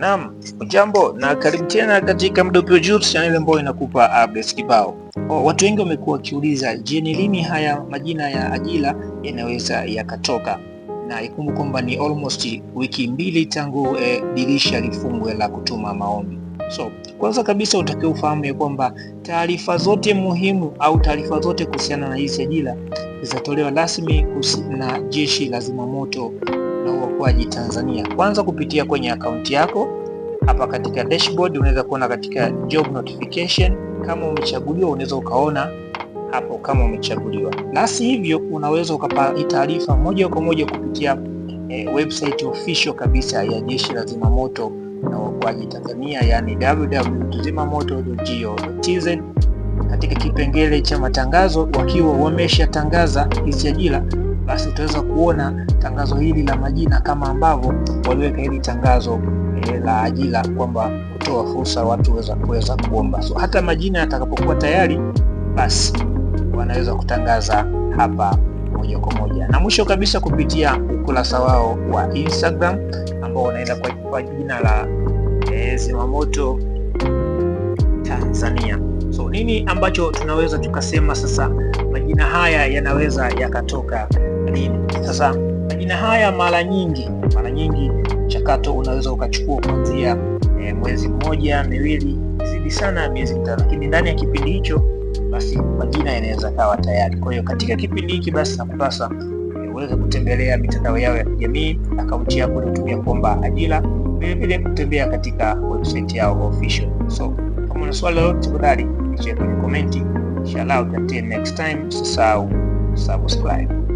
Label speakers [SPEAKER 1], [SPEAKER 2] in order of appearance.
[SPEAKER 1] Naam, ujambo na karibu tena katika Mdope Ujuzi, channel ambayo inakupa updates kibao. Watu wengi wamekuwa wakiuliza, je, ni lini haya majina ya ajira yanaweza yakatoka? Na ikumbuke kwamba ni almost wiki mbili tangu eh, dirisha lifungwe la kutuma maombi. So kwanza kabisa utakiwa ufahamu ya kwamba taarifa zote muhimu au taarifa zote kuhusiana na hizi ajira zitatolewa rasmi na Jeshi la Zimamoto na uokoaji Tanzania, kwanza kupitia kwenye akaunti yako. Hapa katika dashboard unaweza kuona katika job notification kama umechaguliwa, unaweza ukaona hapo kama umechaguliwa, na si hivyo unaweza ukapata taarifa moja kwa moja kupitia e, website official kabisa ya Jeshi la Zimamoto na Uokoaji Tanzania, yani www.zimamoto.go.tz. Katika kipengele cha matangazo, wakiwa wameshatangaza hizi ajira basi utaweza kuona tangazo hili la majina kama ambavyo waliweka hili tangazo e, la ajira kwamba kutoa fursa watu weza kuweza kuomba. So hata majina yatakapokuwa tayari, basi wanaweza kutangaza hapa moja kwa moja. Na mwisho kabisa, kupitia ukurasa wao wa Instagram ambao wanaenda kwa, kwa jina la e, Zimamoto Tanzania. So nini ambacho tunaweza tukasema sasa majina haya yanaweza yakatoka sasa majina haya mara nyingi mara nyingi mchakato unaweza ukachukua kuanzia e, mwezi mmoja miwili zidi sana miezi mitano, lakini ndani ya kipindi hicho basi majina yanaweza kawa tayari. Kwa hiyo katika kipindi hiki basi nakupasa eh, uweze kutembelea mitandao yao ya kijamii, akaunti yako unatumia kuomba ajira, vilevile kutembea katika website yao official. So kama una swali lolote tafadhali niachie kwenye komenti. Inshallah, until next time, usisahau subscribe.